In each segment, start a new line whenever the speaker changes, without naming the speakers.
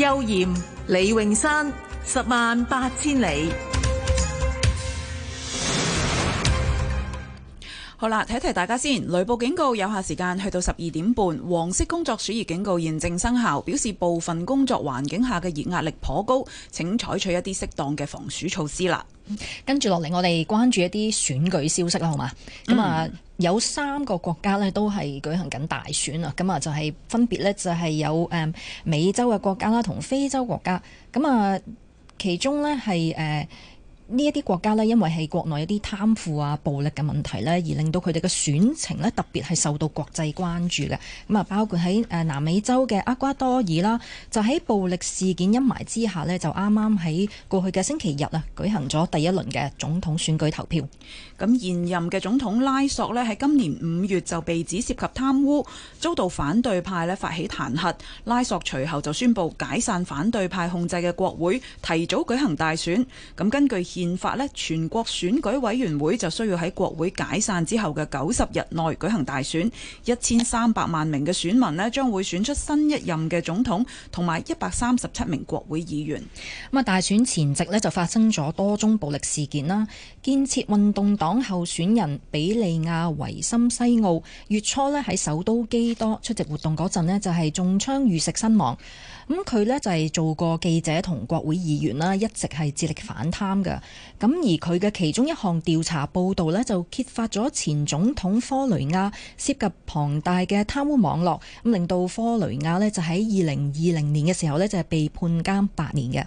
邱賢、李永山，十萬八千里。好啦，提提大家先。雷暴警告有效時間去到十二點半，黃色工作暑熱警告現正生效，表示部分工作環境下嘅熱壓力頗高，請採取一啲適當嘅防暑措施啦。跟
住落嚟，我哋關注一啲選舉消息啦，好嗎？咁、嗯、啊。有三個國家咧，都係舉行緊大選啊！咁啊就係分別咧就係有誒美洲嘅國家啦，同非洲國家。咁啊其中咧係誒。呢一啲國家咧，因為係國內一啲貪腐啊、暴力嘅問題咧，而令到佢哋嘅選情咧特別係受到國際關注嘅。咁啊，包括喺誒南美洲嘅厄瓜多爾啦，就喺暴力事件陰霾之下咧，就啱啱喺過去嘅星期日啊舉行咗第一輪嘅
總統選舉投票。咁現任嘅總統拉索呢，喺今年五月就被指涉及貪污，遭到反對派咧發起彈劾。拉索隨後就宣布解散反對派控制嘅國會，提早舉行大選。咁根據憲法咧，全國選舉委員會就需要喺國會解散之後嘅九十日內舉行大選，一千三百萬名嘅選民咧將會選出新一任嘅總統同埋一百三十七名國會議員。
咁啊，大選前夕咧就發生咗多宗暴力事件啦。建設運動黨候選人比利亞維森西奧月初咧喺首都基多出席活動嗰陣咧就係中槍遇襲身亡。咁佢、嗯、呢就係、是、做過記者同國會議員啦、啊，一直係致力反貪嘅。咁而佢嘅其中一項調查報道呢，就揭發咗前總統科雷亞涉及龐大嘅貪污網絡，咁、嗯、令到科雷亞呢，就喺二零二零年嘅時候呢，就係、是、被判監八年嘅。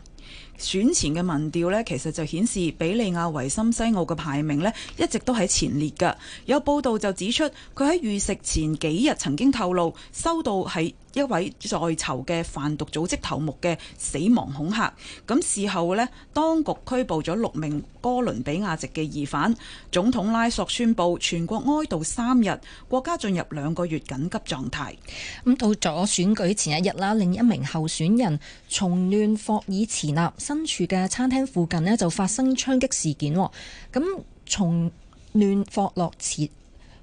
選前嘅民調呢，其實就顯示比利亞維森西奧嘅排名呢，一直都喺前列嘅。有報道就指出，佢喺遇刺前幾日曾經透露收到係。一位在囚嘅販毒組織頭目嘅死亡恐嚇，咁事後呢，當局拘捕咗六名哥倫比亞籍嘅疑犯。總統拉索宣布全國哀悼三日，國家進入兩個月緊急狀態。咁到咗選舉前一日啦，另一名候選人
從亂霍爾茨納身處嘅餐廳附近呢，就發生槍擊事件。咁從亂霍洛茨，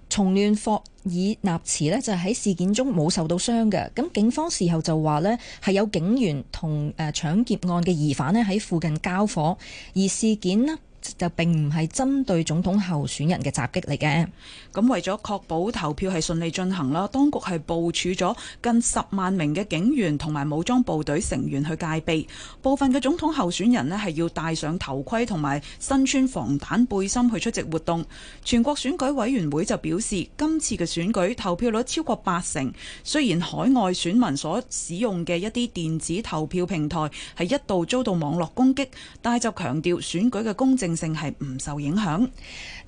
從亂霍。以納慈呢，就喺事件中冇受到傷嘅，咁警方事後就話呢，係有警員同誒搶劫案嘅疑犯呢喺附近交火，而事件呢就並唔係針對總統候選人嘅襲擊嚟嘅。
咁為咗確保投票係順利進行啦，當局係部署咗近十萬名嘅警員同埋武裝部隊成員去戒備。部分嘅總統候選人呢係要戴上頭盔同埋身穿防彈背心去出席活動。全國選舉委員會就表示，今次嘅選舉投票率超過八成。雖然海外選民所使用嘅一啲電子投票平台係一度遭到網絡攻擊，但係就強調選舉嘅公正性係唔受影響，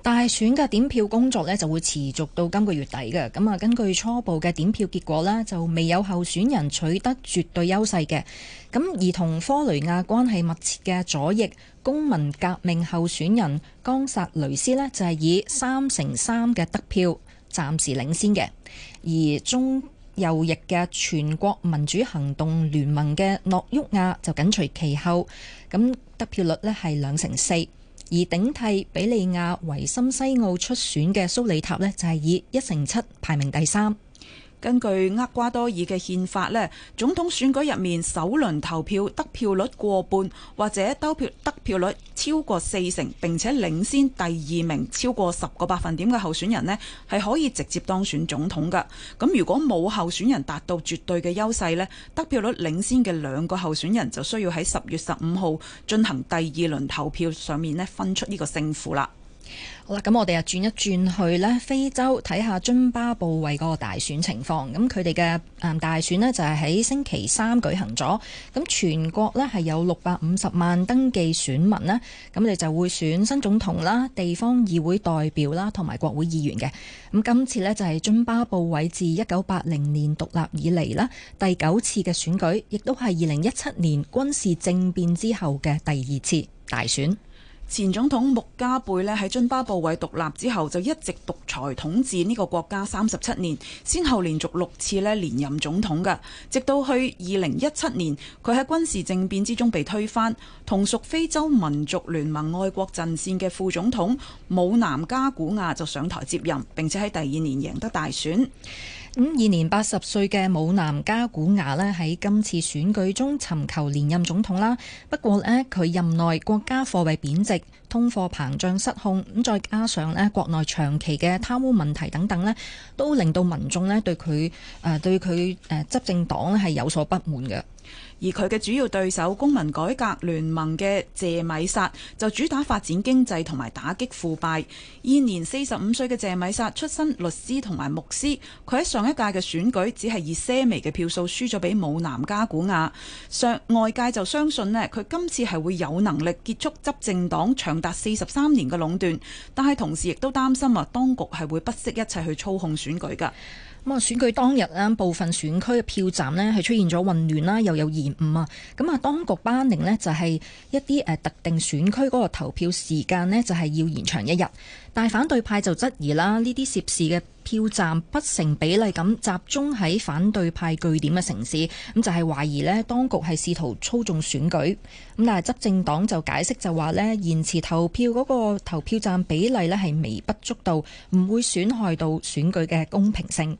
大選嘅點票工作咧就會持續到今個月底嘅。咁啊，
根據初步嘅點票結果呢就未有候選人取得絕對優勢嘅。咁而同科雷亞關係密切嘅左翼公民革命候選人江薩雷斯呢，就係以三成三嘅得票暫時領先嘅。而中右翼嘅全國民主行動聯盟嘅諾沃亞就緊隨其後，咁得票率呢係兩成四。而頂替比利亞維森西奧出選嘅蘇里塔咧，就係以一成七排名
第三。根據厄瓜多爾嘅憲法呢，總統選舉入面首輪投票得票率過半或者兜票得票率超過四成並且領先第二名超過十個百分點嘅候選人呢，係可以直接當選總統㗎。咁如果冇候選人達到絕對嘅優勢呢，得票率領先嘅兩個候選人就需要喺十月十五號進行第二輪投票上面呢分出呢個勝負啦。
好啦，咁我哋啊轉一轉去呢非洲睇下津巴布韋嗰個大選情況。咁佢哋嘅大選呢，就係喺星期三舉行咗。咁全國呢，係有六百五十萬登記選民啦。咁你就會選新總統啦、地方議會代表啦、同埋國會議員嘅。咁今次呢，就係津巴布韋自一九八零年獨立以嚟啦第九次嘅選舉，亦都係二零一
七年軍事政變之後嘅第二次大選。前總統穆加貝咧喺津巴布韋獨立之後就一直獨裁統治呢個國家三十七年，先後連續六次咧連任總統嘅，直到去二零一七年佢喺軍事政變之中被推翻，同屬非洲民族聯盟愛國陣線嘅副總統武南加古亞就上台接任，並且喺第二年贏得大選。咁現年八十歲嘅武南加古牙呢喺今次選舉中
尋求連任總統啦，不過呢佢任內國家貨幣貶值、通貨膨脹失控，咁再加上呢國內長期嘅貪污問題等等呢都令到民眾呢對佢誒對佢誒執政黨係有所不滿嘅。
而佢嘅主要對手公民改革聯盟嘅謝米薩就主打發展經濟同埋打擊腐敗。現年四十五歲嘅謝米薩出身律師同埋牧師，佢喺上一屆嘅選舉只係以些微嘅票數輸咗俾武南加古亞。相外界就相信呢，佢今次係會有能力結束執政黨長達四十三年嘅壟斷，但係同時亦都擔心話當局係會不惜一切去操控選舉㗎。咁啊，選舉當日啦，部分選區嘅票站咧係出現咗混亂啦，又有延誤啊。
咁啊，當局班寧呢就係一啲誒特定選區嗰個投票時間呢，就係要延長一日，但係反對派就質疑啦，呢啲涉事嘅。票站不成比例咁集中喺反對派據點嘅城市，咁就係懷疑呢當局係試圖操縱選舉，咁但係執政黨就解釋就話呢延遲投票嗰個投票站比例呢，係微不足道，唔會損害到選舉嘅公平性。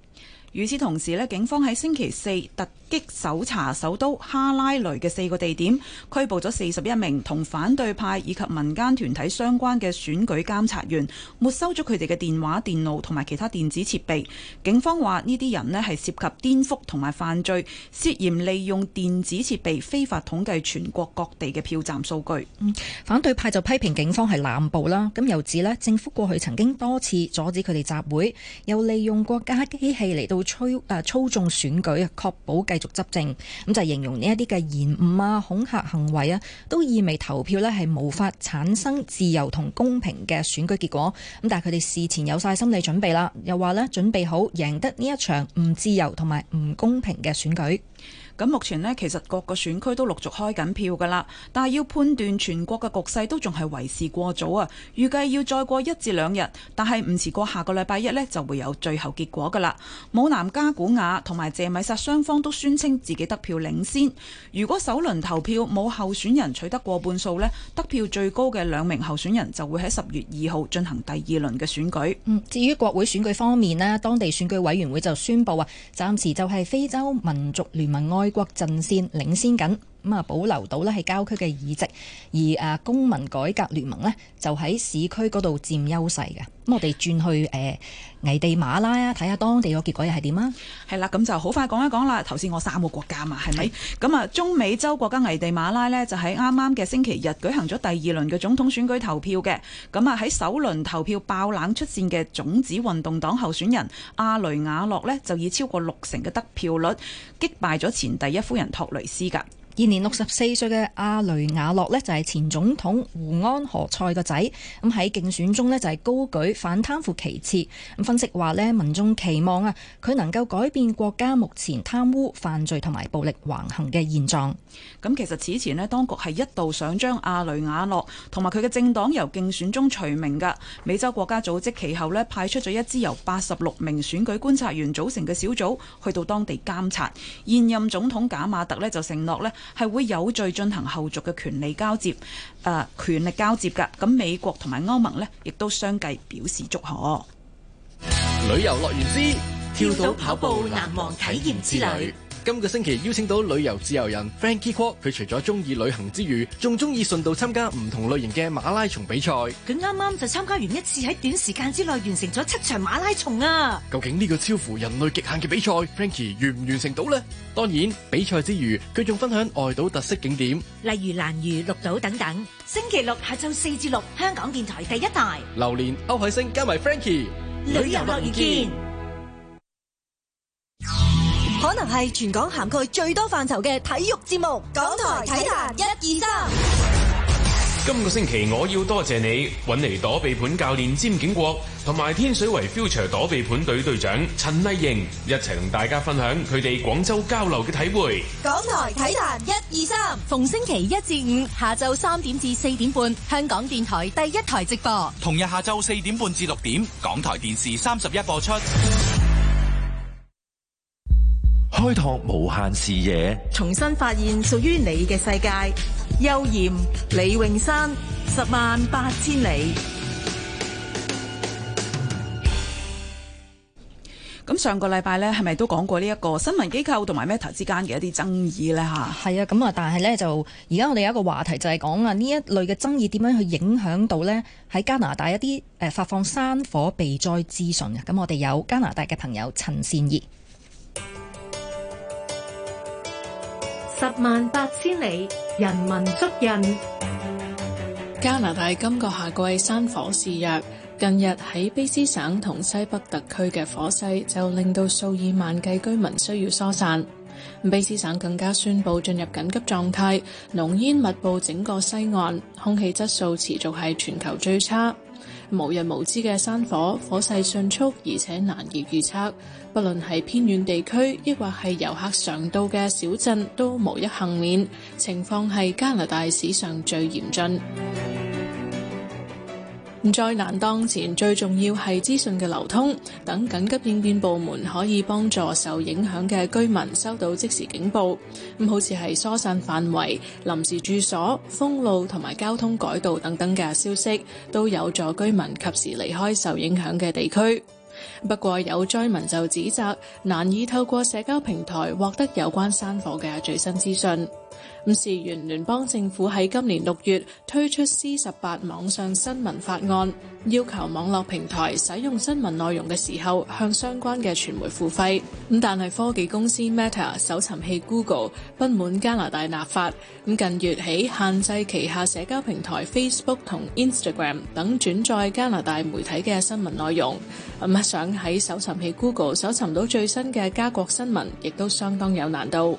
與此同時咧，警方喺星期四突擊搜查首都哈拉雷嘅四個地點，拘捕咗四十一名同反對派以及民間團體相關嘅選舉監察員，沒收咗佢哋嘅電話、電腦同埋其他電子設備。警方話呢啲人咧係涉及顛覆同埋犯罪，涉嫌利用電子設備非法統計全國各地嘅票站數據。
反對派就批評警方係濫捕啦，咁又指政府過去曾經多次阻止佢哋集會，又利用國家機器嚟到操誒、啊、操縱選舉，確保繼續執政，咁就形容呢一啲嘅延誤啊、恐嚇行為啊，都意味投票呢係無法產生自由同公平嘅選舉結果。咁但係佢哋事前有晒心理準備啦，又話呢：「準備好贏得
呢一場唔自由同埋唔公平嘅選舉。咁目前呢，其實各個選區都陸續開緊票噶啦，但係要判斷全國嘅局勢都仲係為時過早啊。預計要再過一至兩日，但係唔遲過下個禮拜一呢，就會有最後結果噶啦。姆南加古雅同埋謝米薩雙方都宣稱自己得票領先。如果首輪投票冇候選人取得過半數呢，得票最高嘅兩名候選人就會喺十月二號進行第二輪嘅選舉。嗯，
至於國會選舉方面呢，當地選舉委員會就宣布啊，暫時就係非洲民族聯盟愛愛國陣線領先緊。咁啊，保留到咧喺郊區嘅議席，而誒公民改革聯盟呢，就喺市區嗰度佔優勢嘅。咁我哋轉去誒、呃、危地馬拉啊，睇下當地個結
果又係點啊？係啦，咁就好快講一講啦。頭先我三個國家嘛，係咪咁啊？咁中美洲國家危地馬拉呢，就喺啱啱嘅星期日舉行咗第二輪嘅總統選舉投票嘅。咁啊，喺首輪投票爆冷出線嘅種子運動黨候選人阿雷瓦洛呢，就以超過六成嘅得票率擊敗咗前第一夫人托雷斯噶。現
年六十四歲嘅阿雷亞諾呢，就係前總統胡安何塞個仔。咁喺競選中呢，就係高舉反貪腐旗幟。咁分析話呢，民眾期望啊，佢能夠改變國家目前貪污犯罪同埋暴力橫行嘅現狀。
咁其實此前呢，當局係一度想將阿雷亞諾同埋佢嘅政黨由競選中除名㗎。美洲國家組織其後呢，派出咗一支由八十六名選舉觀察員組成嘅小組去到當地監察。現任總統賈馬特呢，就承諾呢。係會有序進行後續嘅權力交接，誒、呃，權力交接噶。咁美國同埋歐盟呢，亦都相繼表示祝賀。旅遊樂園之跳島跑步難忘體驗之旅。今個星期邀請到旅遊自由人 Frankie Co，
佢除咗中意旅行之餘，仲中意順道參加唔同類型嘅馬拉松比賽。佢啱啱就參加完一次喺短時間之內完成咗七場馬拉松啊！究竟呢個超乎人類極限嘅比賽，Frankie 完唔完成到呢？當然，比賽之餘佢仲分享外島特色景點，例如蘭嶼綠島等等。星期六下晝四至六，香港電台第一台，榴蓮歐海星加埋 Frankie，旅遊樂遇見。可能係全港涵蓋最多範疇嘅體育節目，港台體壇一二三。
今個星期我要多謝，謝你搵嚟躲避盤教練詹景國，同埋天水圍 Future 躲避盤隊隊長陳麗瑩，一齊同大家分享佢哋廣州交流嘅體會。
港台體壇一二三，逢星期一至五下晝三點至四點半，香港電台第一台直播；
同日下晝四點半至六點，港台電視三十一播出。
開拓無限視野，
重新發現屬於你嘅世界。邱艷、李永山，十萬八千里。咁上個禮拜咧，係咪都講過呢一個新聞機構同埋 Meta 之間嘅一啲爭議呢？吓，係啊，咁啊，但
係呢，就而家我哋有一個話題就係講啊，呢一類嘅爭議點樣去影響到呢，喺加拿大一啲誒發放山火避災資訊啊。咁我哋有加拿大嘅朋友陳善宜。
十萬八千里，人文足印。加拿大今個夏季山火肆虐。近日喺卑詩省同西北特區嘅火勢就令到數以萬計居民需要疏散。卑詩省更加宣布進入緊急狀態，濃煙密佈整個西岸，空氣質素持續係全球最差。無日無之嘅山火，火勢迅速而且難以預測，不論係偏遠地區，抑或係遊客常到嘅小鎮都無一幸免。情況係加拿大史上最嚴峻。災難當前最重要係資訊嘅流通，等緊急應變部門可以幫助受影響嘅居民收到即時警報。咁好似係疏散範圍、臨時住所、封路同埋交通改道等等嘅消息，都有助居民及時離開受影響嘅地區。不過有災民就指責難以透過社交平台獲得有關山火嘅最新資訊。咁事源聯邦政府喺今年六月推出 C 十八網上新聞法案，要求網絡平台使用新聞內容嘅時候向相關嘅傳媒付費。咁但係科技公司 Meta 搜尋器 Google 不滿加拿大立法，咁近月起限制旗下社交平台 Facebook 同 Instagram 等轉載加拿大媒體嘅新聞內容。咁想喺搜尋器 Google 搜尋到最新嘅加國新聞，亦都相當有難度。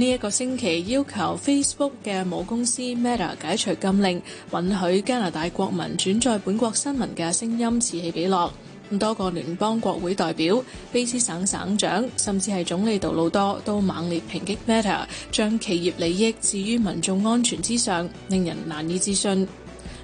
呢一個星期要求 Facebook 嘅母公司 Meta 解除禁令，允許加拿大國民轉載本國新聞嘅聲音此起彼落。咁多個聯邦國會代表、卑詩省省長，甚至係總理杜魯多都猛烈抨擊 Meta，將企業利益置於民眾安全之上，令人難以置信。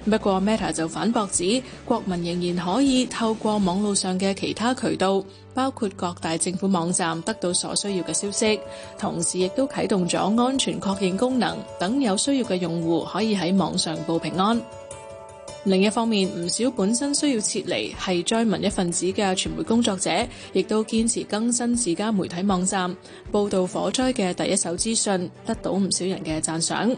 不過 Meta 就反駁指，國民仍然可以透過網路上嘅其他渠道，包括各大政府網站，得到所需要嘅消息。同時亦都啟動咗安全確認功能，等有需要嘅用戶可以喺網上報平安。另一方面，唔少本身需要撤離係災民一份子嘅傳媒工作者，亦都堅持更新自家媒體網站，報道火災嘅第一手資訊，得到唔少人嘅讚賞。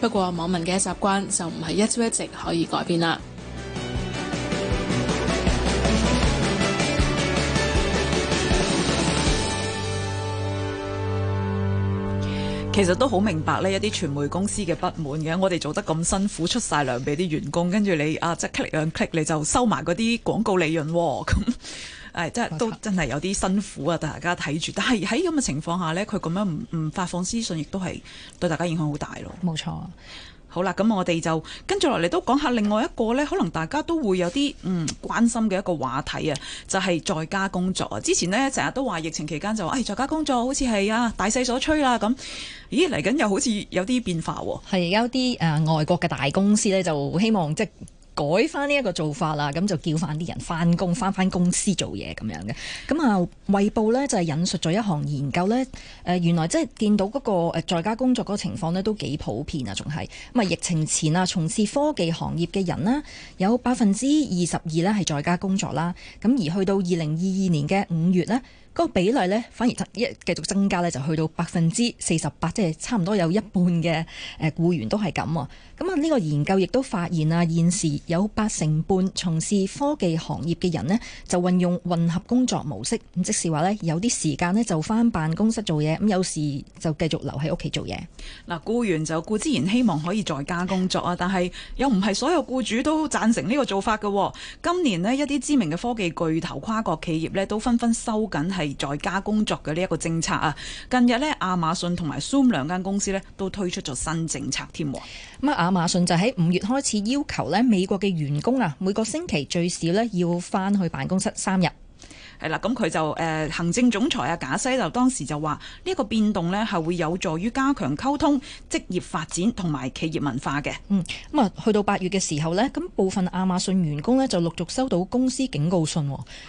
不過網民嘅習慣就唔係一朝一夕可以改變啦。
其實都好明白呢，一啲傳媒公司嘅不滿嘅，我哋做得咁辛苦，出晒糧俾啲員工，跟住你啊，即係 click click，你就收埋嗰啲廣告利潤咁。哦誒，都真係有啲辛苦啊！大家睇住，但係喺咁嘅情況下呢，佢咁樣唔唔發放私信，亦都係對大家影響錯好大咯。冇錯，好啦，咁我哋就跟住落嚟都講下另外一個呢，可能大家都會有啲嗯關心嘅一個話題啊，就係、是、在家工作啊。之前呢，成日都話疫情期間就話誒、哎、在家工作好似係啊大勢所趨啦咁，咦嚟緊又好似有啲變化
喎。係有啲、呃、外國嘅大公司呢，就希望即。改翻呢一個做法啦，咁就叫翻啲人返工，返翻公司做嘢咁樣嘅。咁啊，衞報呢就係引述咗一項研究呢，呃，原來即係見到嗰個在家工作嗰個情況呢都幾普遍啊，仲係咁啊。疫情前啊，從事科技行業嘅人啦，有百分之二十二呢係在家工作啦。咁而去到二零二二年嘅五月呢。嗰個比例呢，反而一繼續增加呢，就去到百分之四十八，即係差唔多有一半嘅誒僱員都係咁啊！咁啊，呢個研究亦都發現啊，現時有八成半從事科技行業嘅人呢，就運用混合工作模式，咁即是話呢，有啲時間呢，就返辦公室做嘢，咁有時就繼續留喺屋企做嘢。
嗱，僱員就固之然希望可以在家工作啊，但係又唔係所有僱主都贊成呢個做法㗎喎。今年呢，一啲知名嘅科技巨頭、跨國企業呢，都紛紛收緊。係在家工作嘅呢一個政策啊！近日呢，亞馬遜同埋 Zoom 兩間公司呢，都推出咗新政策添。咁
啊，亞馬遜就喺五月開始要求呢美國嘅員工啊，每個星期
最少呢要翻去辦公室三日。係啦，咁佢就誒行政總裁啊，賈西就當時就話呢個變動呢係會有助於加強溝通、職業發展同埋企業文化嘅。
嗯，咁啊，去到八月嘅時候呢，咁部分亞馬遜員工呢就陸續收到公司警告信，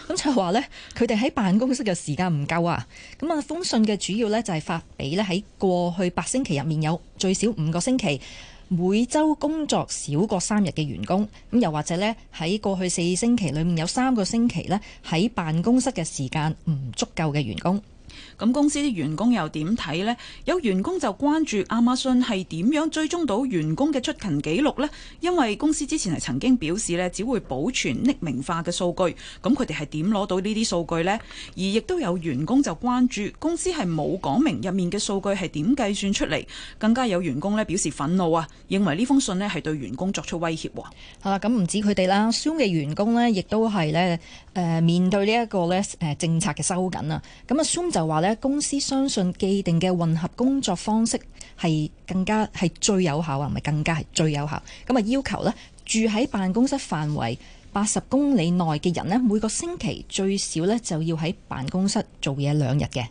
咁 就話呢佢哋喺辦公室嘅時間唔夠啊。咁啊，封信嘅主要呢，就係發俾呢喺過去八星期入面有最少五個星期。每周工作少過三日嘅員工，咁又或者呢喺過去四星期裏面，有三個星期呢喺辦公室嘅時間唔足夠嘅員工。
咁公司啲員工又點睇呢？有員工就關注亞馬遜係點樣追蹤到員工嘅出勤記錄呢？因為公司之前係曾經表示呢只會保存匿名化嘅數據。咁佢哋係點攞到呢啲數據呢？而亦都有員工就關注公司係冇講明入面嘅數據係點計算出嚟。更加有員工咧表示憤怒啊，認為呢封信咧係對員工作出威脅喎。嗯、
係啦，咁唔止佢哋啦，Zoom 嘅員工呢亦都係咧，誒、呃、面對呢一個咧誒政策嘅收緊啊。咁啊，Zoom 就話咧，公司相信既定嘅混合工作方式係更加係最有效啊，唔係更加係最有效咁啊。要求咧住喺辦公室範圍八十公里內嘅人呢，每個星期最少咧就要喺辦公室做嘢兩日
嘅。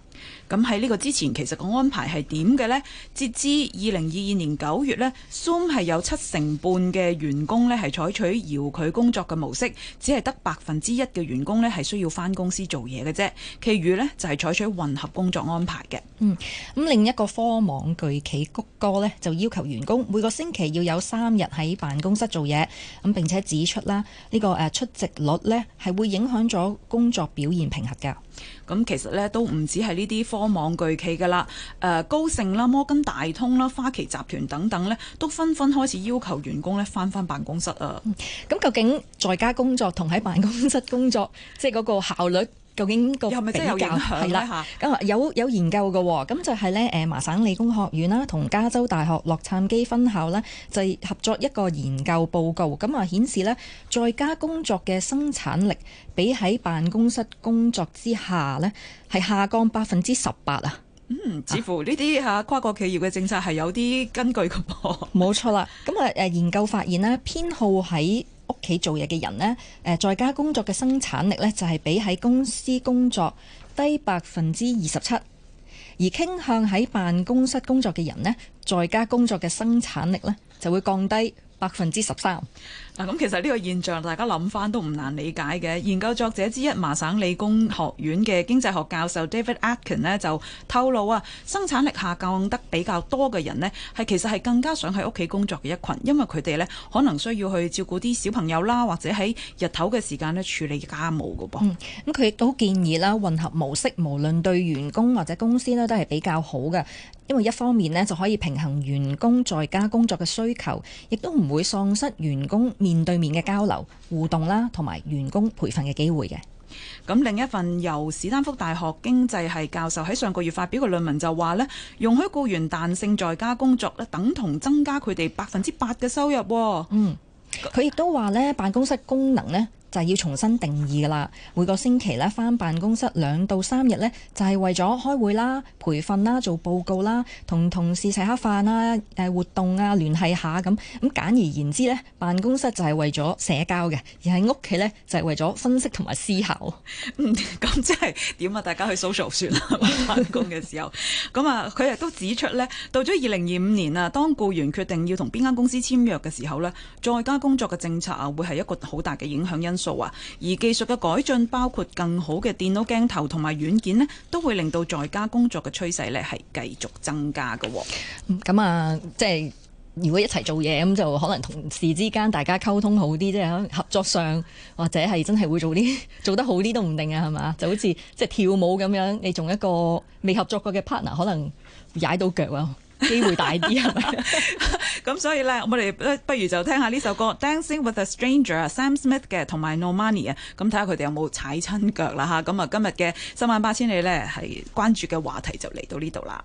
咁喺呢個之前，其實個安排係點嘅呢？截至二零二二年九月呢 Zoom 係有七成半嘅員工呢係採取遙距工作嘅模式，只係得百分之一嘅員工呢係需要翻公司做嘢嘅啫，其餘呢，就係、是、採取混合工作安排嘅、
嗯。
嗯，咁另一個科網巨企谷歌呢，就要求
員工每個星期要有三日喺辦公室做嘢，咁、嗯、並且指出啦呢、呢個誒出
席率呢係會影響咗工作表現平衡噶。咁、嗯嗯、其實呢，都唔止係呢。啲科網巨企噶啦，誒、呃、高盛啦、摩根大通啦、花旗集團等等咧，都紛紛開始要求員工咧翻翻辦公室啊。咁、嗯、究竟在家
工作同喺辦公室工作，
即係嗰個效率？究竟係咪真係有影響咧
嚇？咁啊有有研究嘅喎，咁就係咧誒麻省理工學院啦，同加州大學洛杉磯分校咧，就合作一個研究報告，咁啊顯示咧在家工作嘅生產力比喺辦公室工作之下咧係下降百
分之十八啊！嗯，似乎呢啲嚇跨國企業嘅政策係有啲根據嘅噃。冇 錯啦，咁啊
誒研究發現咧，偏好喺。屋企做嘢嘅人呢，誒在家工作嘅生產力呢，就係比喺公司工作低百分之二十七，而傾向喺辦公室工作嘅人呢，在家工作嘅生產力呢，就會降低百分之十三。
嗱，咁其實呢個現象，大家諗翻都唔難理解嘅。研究作者之一麻省理工學院嘅經濟學教授 David Atkin 呢，就透露啊，生產力下降得比較多嘅人呢，係其實係更加想喺屋企工作嘅一群，因為佢哋呢可能需要去照顧啲小朋友啦，或者喺日頭嘅時間呢處理家務㗎噃。
嗯，咁佢亦都建議啦，混合模式無論對員工或者公司呢，都係比較好嘅，因為一方面呢，就可以平衡員工在家工作嘅需求，亦都唔會喪失員工面對面嘅交流互動啦，同埋員工培訓嘅機會嘅。
咁另一份由史丹福大學經濟系教授喺上個月發表嘅論文就話呢，容許雇員彈性在家工作咧，等同增加佢哋百分之八嘅收入哦。嗯，
佢亦都話咧，辦公室功能呢，就係要重新定義啦。每個星期咧，翻辦公室兩到三日呢，就係、是、為咗開會啦、培訓啦、做報告啦、同同事食下飯啦、誒、呃、活動啊、聯繫下咁。咁簡而言之呢，辦公室就係為咗社交嘅，而喺屋企
呢，就係、是、為咗分析同埋思考。嗯，咁即係點啊？大家去、so、說 social 算啦。翻工嘅時候，咁啊，佢亦都指出呢，到咗二零二五年啊，當僱員決定要同邊間公司簽約嘅時候呢，在家工作嘅政策啊，會係一個好大嘅影響因素。數啊，而技術嘅改進包括更好嘅電腦鏡頭同埋軟件咧，都會令到在家工作嘅趨勢咧係繼續增加嘅。
咁、嗯、啊，即係如果一齊做嘢咁，就可能同事之間大家溝通好啲，即係合作上或者係真係會做啲做得好啲都唔定啊，係咪？就好似即係跳舞咁樣，你仲一個未合作過嘅 partner，可能踩到腳啊！
機會大啲係咪？咁所以咧，我哋不如就聽下呢首歌《Dancing with a Stranger》，Sam Smith 嘅，同埋 Normani 啊！咁睇下佢哋有冇踩親腳啦嚇。咁啊，今日嘅十萬八千里咧係關注嘅話題就嚟到呢度啦。